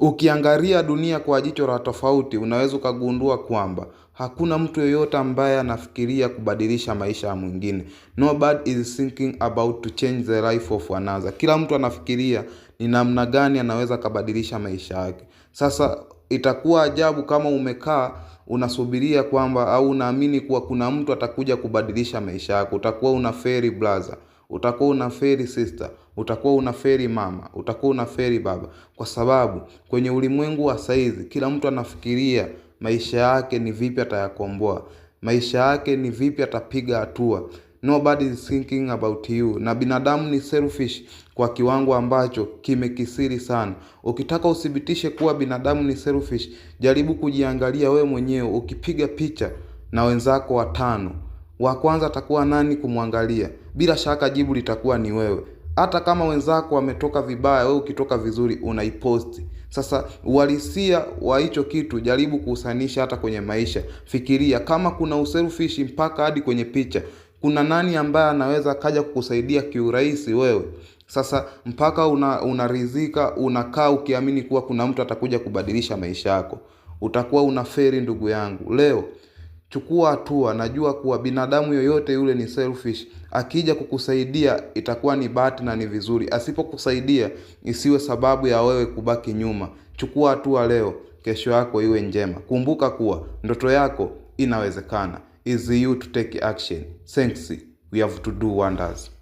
Ukiangalia dunia kwa jicho la tofauti, unaweza ukagundua kwamba hakuna mtu yeyote ambaye anafikiria kubadilisha maisha ya mwingine. Nobody is thinking about to change the life of another. Kila mtu anafikiria ni namna gani anaweza akabadilisha maisha yake. Sasa itakuwa ajabu kama umekaa unasubiria kwamba au unaamini kuwa kuna mtu atakuja kubadilisha maisha yako. Utakuwa una unaferi blaza utakuwa una feri sister, utakuwa una feri mama, utakuwa una feri baba, kwa sababu kwenye ulimwengu wa saizi kila mtu anafikiria maisha yake ni vipi atayakomboa, maisha yake ni vipi atapiga hatua. Nobody is thinking about you. Na binadamu ni selfish kwa kiwango ambacho kimekisiri sana. Ukitaka uthibitishe kuwa binadamu ni selfish, jaribu kujiangalia we mwenyewe ukipiga picha na wenzako watano wa kwanza atakuwa nani kumwangalia? Bila shaka jibu litakuwa ni wewe. Hata kama wenzako wametoka vibaya, wewe ukitoka vizuri unaiposti. Sasa uhalisia wa hicho kitu jaribu kuhusanisha hata kwenye maisha. Fikiria kama kuna uselfish mpaka hadi kwenye picha, kuna nani ambaye anaweza kaja kukusaidia kiurahisi wewe? Sasa mpaka una unakaa ukiamini kuwa kuna mtu atakuja kubadilisha maisha yako, utakuwa unaferi ndugu yangu leo chukua hatua. Najua kuwa binadamu yoyote yule ni selfish. Akija kukusaidia itakuwa ni bahati na ni vizuri, asipokusaidia isiwe sababu ya wewe kubaki nyuma. Chukua hatua leo, kesho yako iwe njema. Kumbuka kuwa ndoto yako inawezekana. Is you to take action. Thanks. We have to do wonders.